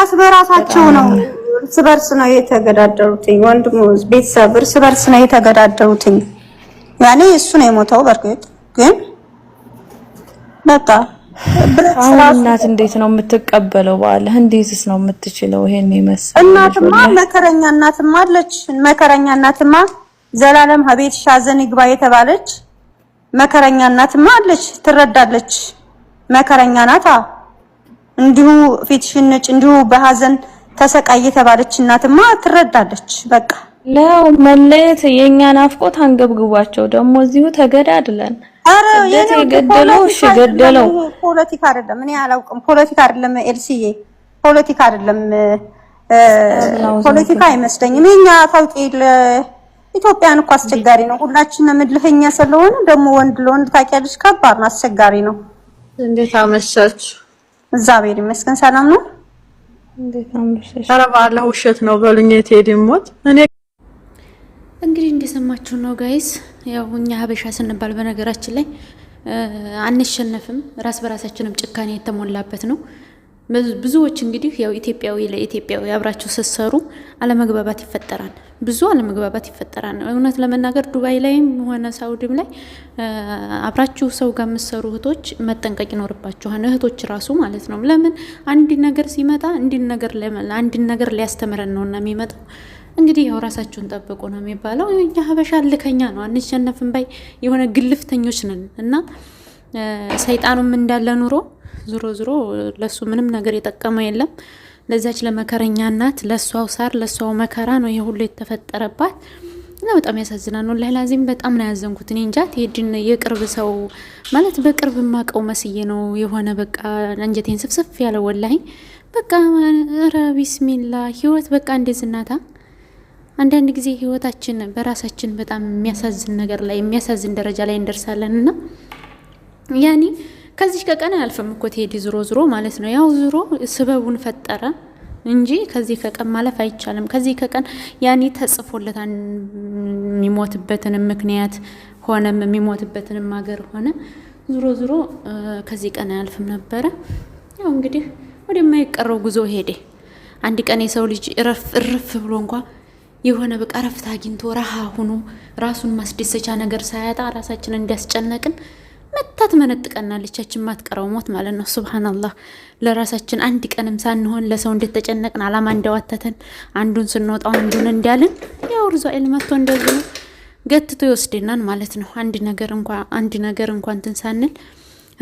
ራስ በራሳቸው ነው እርስ በርስ ነው የተገዳደሩትኝ። ወንድሙ ቤተሰብ እርስ በርስ ነው የተገዳደሩትኝ። ያኔ እሱ ነው የሞተው። በርግጥ ግን በቃ እናት እንዴት ነው የምትቀበለው? ባለ እንዴትስ ነው የምትችለው? ይሄን ይመስል እናትማ መከረኛ እናትማ አለች። መከረኛ እናትማ ዘላለም ሀቤት ሻዘን ይግባ የተባለች መከረኛ እናትማ አለች። ትረዳለች። መከረኛ ናታ። እንዲሁ ፊትሽን ነጭ እንዲሁ በሀዘን ተሰቃይ የተባለች እናትማ ትረዳለች። በቃ ለው መለየት የኛ ናፍቆት አንገብግቧቸው ደግሞ እዚሁ ተገዳድለን አረ የኔ ገደለው እሺ ገደለው ፖለቲካ አይደለም። እኔ አላውቅም። ፖለቲካ አይደለም ኤልሲዬ፣ ፖለቲካ አይደለም። ፖለቲካ አይመስለኝም። የኛ ታውቂ ኢትዮጵያን እኮ አስቸጋሪ ነው። ሁላችንም እልህኛ ስለሆነ ደግሞ ወንድ ለወንድ ታውቂያለሽ፣ ከባድ ነው፣ አስቸጋሪ ነው። እንዴት አመሻችሁ። እግዚአብሔር ይመስገን ሰላም ነው። ኧረ ባለ ውሸት ነው በሉኝ። የቴዲ ሞት እኔ እንግዲህ እንደሰማችሁ ነው ጋይስ። ያው እኛ ሀበሻ ስንባል በነገራችን ላይ አንሸነፍም፣ ራስ በራሳችንም ጭካኔ የተሞላበት ነው። ብዙዎች እንግዲህ ያው ኢትዮጵያዊ ለኢትዮጵያዊ አብራችሁ ስትሰሩ አለመግባባት ይፈጠራል፣ ብዙ አለመግባባት ይፈጠራል። እውነት ለመናገር ዱባይ ላይም ሆነ ሳውዲም ላይ አብራችሁ ሰው ጋር የምትሰሩ እህቶች መጠንቀቅ ይኖርባችኋል። እህቶች ራሱ ማለት ነው። ለምን አንድ ነገር ሲመጣ አንድን ነገር ሊያስተምረን ነውና የሚመጣው እንግዲህ ያው ራሳችሁን ጠብቁ ነው የሚባለው። እኛ ሀበሻ ልከኛ ነው፣ አንሸነፍም ባይ የሆነ ግልፍተኞች ነን እና ሰይጣኑም እንዳለ ኑሮ ዞሮ ዞሮ ለሱ ምንም ነገር የጠቀመው የለም። ለዛች ለመከረኛ እናት ለእሷው ሳር ለእሷው መከራ ነው ይሄ ሁሉ የተፈጠረባት እና በጣም ያሳዝናል። ነው ለላዚም በጣም ነው ያዘንኩት። እኔ እንጃት ቴዲን የቅርብ ሰው ማለት በቅርብ የማውቀው መስዬ ነው የሆነ በቃ አንጀቴን ስፍስፍ ያለ ወላሂ በቃ ኧረ ቢስሚላ ህይወት በቃ እንዴ ዝናታ አንዳንድ ጊዜ ህይወታችን በራሳችን በጣም የሚያሳዝን ነገር ላይ የሚያሳዝን ደረጃ ላይ እንደርሳለን እና ያኔ ከዚህ ከቀን አያልፍም እኮ ትሄድ ዝሮ ዝሮ ማለት ነው። ያው ዝሮ ስበቡን ፈጠረ እንጂ ከዚህ ከቀን ማለፍ አይቻልም። ከዚህ ከቀን ያኔ ተጽፎለት የሚሞትበትንም ምክንያት ሆነም የሚሞትበትንም ሀገር ሆነ ዝሮ ዝሮ ከዚህ ቀን አያልፍም ነበረ። ያው እንግዲህ ወደማይቀረው ጉዞ ሄደ። አንድ ቀን የሰው ልጅ እርፍ ብሎ እንኳ የሆነ በቃ ረፍት አግኝቶ ረሃ ሁኖ ራሱን ማስደሰቻ ነገር ሳያጣ ራሳችን እንዲያስጨነቅን መታት መነጥቀና ልቻችን ማትቀረው ሞት ማለት ነው። ሱብሃናላህ ለራሳችን አንድ ቀንም ሳንሆን ለሰው እንደተጨነቅን አላማ እንዳዋተተን አንዱን ስንወጣው አንዱን እንዳልን ያው ርዛኤል መጥቶ እንደዚህ ገትቶ ይወስደናን ማለት ነው። አንድ ነገር እንኳን አንድ ነገር እንኳን እንትን ሳንል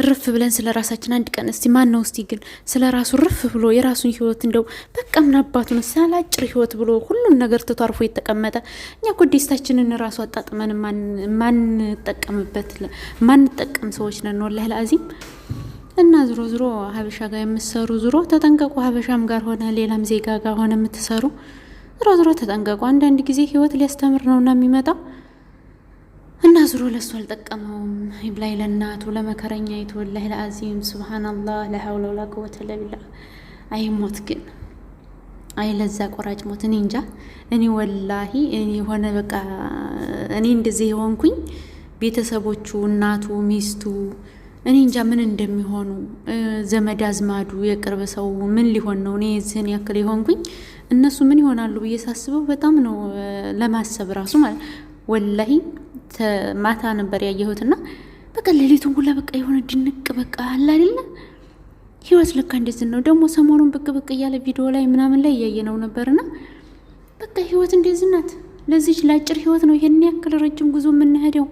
ርፍ ብለን ስለ ራሳችን አንድ ቀን እስቲ ማን ነው እስቲ ግን ስለ ራሱ ርፍ ብሎ የራሱን ህይወት እንደው በቃ ምን አባቱ ነው ሳላጭር ህይወት ብሎ ሁሉን ነገር ትቶ አርፎ የተቀመጠ። እኛ እኮ ደስታችንን ራሱ አጣጥመን ማንጠቀምበት ማንጠቀም ሰዎች ነን። ወላህ ለአዚም እና ዝሮ ዝሮ ሀበሻ ጋር የምትሰሩ ዝሮ ተጠንቀቁ። ሀበሻም ጋር ሆነ ሌላም ዜጋ ጋር ሆነ የምትሰሩ ዝሮ ዝሮ ተጠንቀቁ። አንዳንድ ጊዜ ህይወት ሊያስተምር ነውና የሚመጣው እና ዙሮ ለሱ አልጠቀመውም። ብላይ ለእናቱ ለመከረኛ የተወላይ ለአዚም ስብሓናላህ ለሀውለ ወላ ቁወተ አይ ሞት ግን አይ ለዛ ቆራጭ ሞት። እኔ እንጃ እኔ ወላሂ እኔ የሆነ በቃ እኔ እንደዚህ የሆንኩኝ ቤተሰቦቹ እናቱ፣ ሚስቱ እኔ እንጃ ምን እንደሚሆኑ ዘመድ አዝማዱ፣ የቅርብ ሰው ምን ሊሆን ነው? እኔ ዝህን ያክል የሆንኩኝ እነሱ ምን ይሆናሉ ብዬ ሳስበው በጣም ነው ለማሰብ ራሱ ማለት ወላሂ ማታ ነበር ያየሁትና በቃ ሌሊቱን ሁላ በቃ የሆነ ድንቅ በቃ አለ አይደለ ህይወት ልካ እንደዚህ ነው። ደግሞ ሰሞኑን ብቅ ብቅ እያለ ቪዲዮ ላይ ምናምን ላይ እያየነው ነበርና በቃ ህይወት እንደዚህ ናት። ለዚች ለአጭር ህይወት ነው ይሄን ያክል ረጅም ጉዞ የምንሄደው።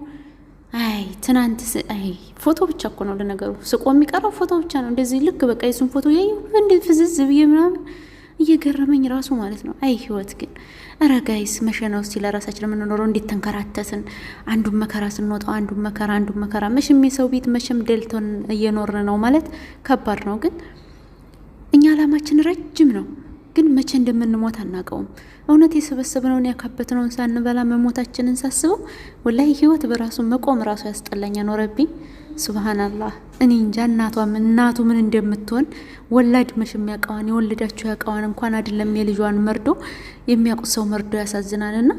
አይ ትናንት አይ ፎቶ ብቻ እኮ ነው ለነገሩ፣ ስቆ የሚቀረው ፎቶ ብቻ ነው። እንደዚህ ልክ በቃ የሱን ፎቶ ያየ እንዴት ፍዝዝ ብዬ ምናምን እየገረመኝ ራሱ ማለት ነው። አይ ህይወት ግን ረጋይስ ጋይስ መቼ ነው ለራሳችን የምንኖረው? እንዴት ተንከራተትን። አንዱን መከራ ስንወጣው አንዱን መከራ አንዱን መከራ። መቼም የሰው ቤት መቼም ደልቶን እየኖርን ነው ማለት ከባድ ነው። ግን እኛ አላማችን ረጅም ነው፣ ግን መቼ እንደምንሞት አናውቀውም። እውነት የሰበሰብነውን ያካበትነውን ሳንበላ መሞታችንን ሳስበው ወላይ ህይወት በራሱ መቆም ራሱ ያስጠላኝ ኖረብኝ። ሱብሃናላህ እኔ እንጃ እናቷም እናቱ ምን እንደምትሆን ወላድ መሽ የሚያውቀዋን የወለዳቸው ያውቀዋን እንኳን አይደለም የልጇን መርዶ የሚያውቁት ሰው መርዶ ያሳዝናልና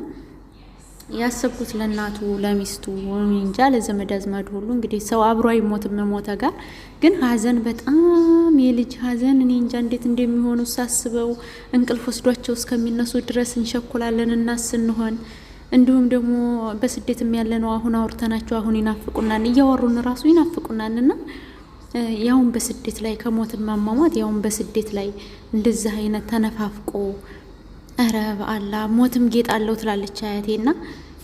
ያሰብኩት ለእናቱ ለሚስቱ እንጃ ለዘመድ አዝማድ ሁሉ እንግዲህ ሰው አብሮ አይሞትም ሞተ ጋር ግን ሀዘን በጣም የልጅ ሀዘን እኔ እንጃ እንዴት እንደሚሆኑ ሳስበው እንቅልፍ ወስዷቸው እስከሚነሱ ድረስ እንሸኩላለን እና ስንሆን እንዲሁም ደግሞ በስደትም ያለ ነው። አሁን አውርተናቸው አሁን ይናፍቁናን እያወሩን ራሱ ይናፍቁናን ና ያውን በስደት ላይ ከሞትን ማሟሟት ያውን በስደት ላይ እንደዚህ አይነት ተነፋፍቆ ኧረ በአላ ሞትም ጌጥ አለው ትላለች አያቴ ና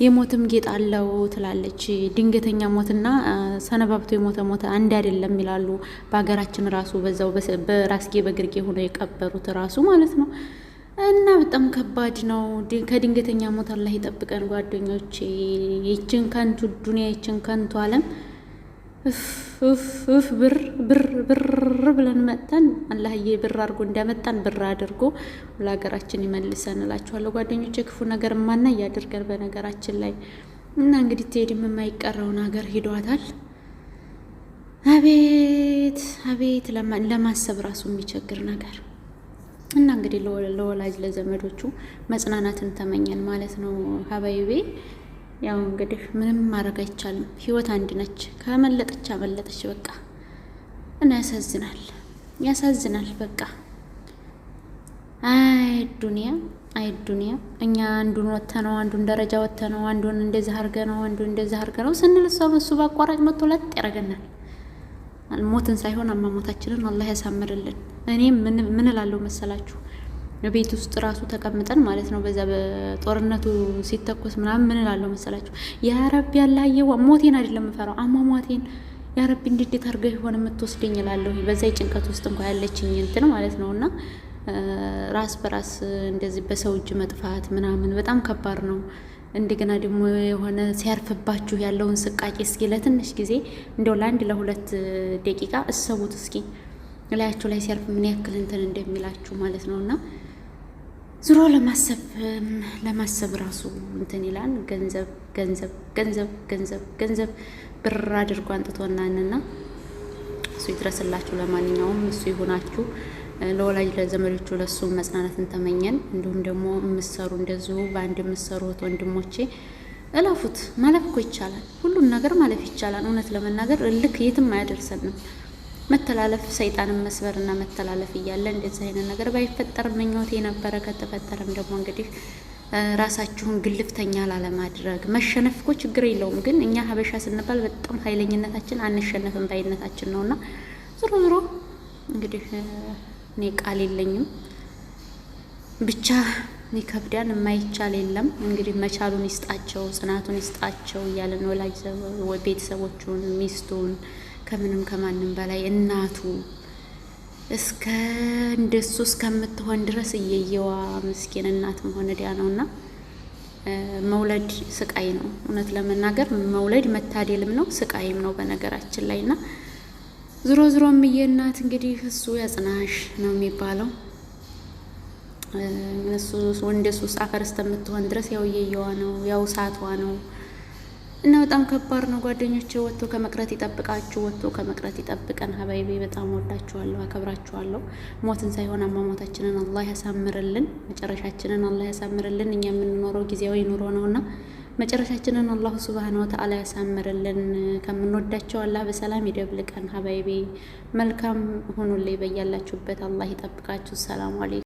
የሞትም ጌጥ አለው ትላለች። ድንገተኛ ሞትና ሰነባብቶ የሞተ ሞተ አንድ አይደለም ይላሉ። በሀገራችን ራሱ በዛው በራስጌ በግርጌ ሆኖ የቀበሩት ራሱ ማለት ነው። እና በጣም ከባድ ነው። ከድንገተኛ ሞት አላህ ይጠብቀን ጓደኞች። ይችን ከንቱ ዱኒያ፣ ይችን ከንቱ ዓለም ፍ ብር ብር ብር ብለን መጥተን አላህዬ ብር አድርጎ እንዳመጣን ብር አድርጎ ለሀገራችን ይመልሰን እላችኋለሁ ጓደኞች። የክፉ ነገር ማና እያደርገን በነገራችን ላይ እና እንግዲህ ቴዲም የማይቀረውን ሀገር ሂዷታል። አቤት አቤት ለማሰብ ራሱ የሚቸግር ነገር እና እንግዲህ ለወላጅ ለዘመዶቹ መጽናናትን ተመኘን ማለት ነው። ሀባይቤ ያው እንግዲህ ምንም ማድረግ አይቻልም። ህይወት አንድ ነች። ከመለጠች አመለጠች በቃ። እና ያሳዝናል፣ ያሳዝናል በቃ። አይ ዱኒያ፣ አይ ዱኒያ። እኛ አንዱን ወተ ነው አንዱን ደረጃ ወተ ነው አንዱን እንደዚህ አርገ ነው አንዱን እንደዚህ አርገ ነው ስንል እሷ በሱ ባቋራጭ መቶ ለጥ ያደርገናል። ሞትን ሳይሆን አሟሟታችንን አላህ ያሳምርልን። እኔ ምን እላለሁ መሰላችሁ ቤት ውስጥ ራሱ ተቀምጠን ማለት ነው በዛ በጦርነቱ ሲተኮስ ምናምን ምን እላለሁ መሰላችሁ የአረቢ ያላየ ሞቴን አይደለም የምፈራው አሟሟቴን የአረቢ እንዴት አድርገህ የሆነ የምትወስደኝ እላለሁ። በዛ የጭንቀት ውስጥ እንኳ ያለችኝ እንትን ማለት ነው እና ራስ በራስ እንደዚህ በሰው እጅ መጥፋት ምናምን በጣም ከባድ ነው። እንደገና ደግሞ የሆነ ሲያርፍባችሁ ያለውን ስቃቄ እስኪ ለትንሽ ጊዜ እንደው ለአንድ ለሁለት ደቂቃ እሰቡት እስኪ ላያችሁ ላይ ሲያርፍ ምን ያክል እንትን እንደሚላችሁ ማለት ነው እና ዙሮ ለማሰብ ለማሰብ ራሱ እንትን ይላል። ገንዘብ ገንዘብ ገንዘብ ገንዘብ ገንዘብ ብር አድርጎ አንጥቶናንና እሱ ይድረስላችሁ። ለማንኛውም እሱ ይሆናችሁ። ለወላጅ ለዘመዶቹ ለሱ መጽናናትን ተመኘን። እንዲሁም ደግሞ የምሰሩ እንደዚሁ በአንድ የምሰሩት ወንድሞቼ እለፉት። ማለፍ እኮ ይቻላል፣ ሁሉን ነገር ማለፍ ይቻላል። እውነት ለመናገር ልክ የትም አያደርሰንም። መተላለፍ ሰይጣንን መስበርና መተላለፍ እያለ እንደዚህ አይነት ነገር ባይፈጠር ምኞቴ ነበረ። ከተፈጠረም ደግሞ እንግዲህ ራሳችሁን ግልፍተኛ ላለማድረግ መሸነፍ እኮ ችግር የለውም፣ ግን እኛ ሀበሻ ስንባል በጣም ኃይለኝነታችን አንሸነፍም ባይነታችን ነውና ዞሮ ዞሮ እንግዲህ እኔ ቃል የለኝም። ብቻ ይከብዳን የማይቻል የለም። እንግዲህ መቻሉን ይስጣቸው፣ ጽናቱን ይስጣቸው እያለን ወላጅ ቤተሰቦቹን፣ ሚስቱን ከምንም ከማንም በላይ እናቱ እስከ እንደሱ እስከምትሆን ድረስ እየየዋ ምስኪን እናት መሆን ዲያ ነው እና መውለድ ስቃይ ነው። እውነት ለመናገር መውለድ መታደልም ነው ስቃይም ነው በነገራችን ላይ እና ዝሮ ዝሮ እምዬ እናት እንግዲህ እሱ ያጽናሽ ነው የሚባለው። እሱ እንደሱ አፈር እስከምትሆን ድረስ ያው እየየዋ ነው ያው ሳቷ ነው እና በጣም ከባድ ነው። ጓደኞች ወጥቶ ከመቅረት ይጠብቃችሁ፣ ወጥቶ ከመቅረት ይጠብቀን። ሀባይቤ በጣም ወዳችኋለሁ፣ አከብራችኋለሁ። ሞትን ሳይሆን አሟሟታችንን አላህ ያሳምርልን፣ መጨረሻችንን አላህ ያሳምርልን። እኛ የምንኖረው ጊዜያዊ ኑሮ ነውና መጨረሻችንን አላሁ ስብሃነ ወተዓላ ያሳምርልን። ከምንወዳቸው አላህ በሰላም ይደብልቀን። ሀባይቤ መልካም ሁኑልኝ። በያላችሁበት አላህ ይጠብቃችሁ። ሰላሙ አሌይኩም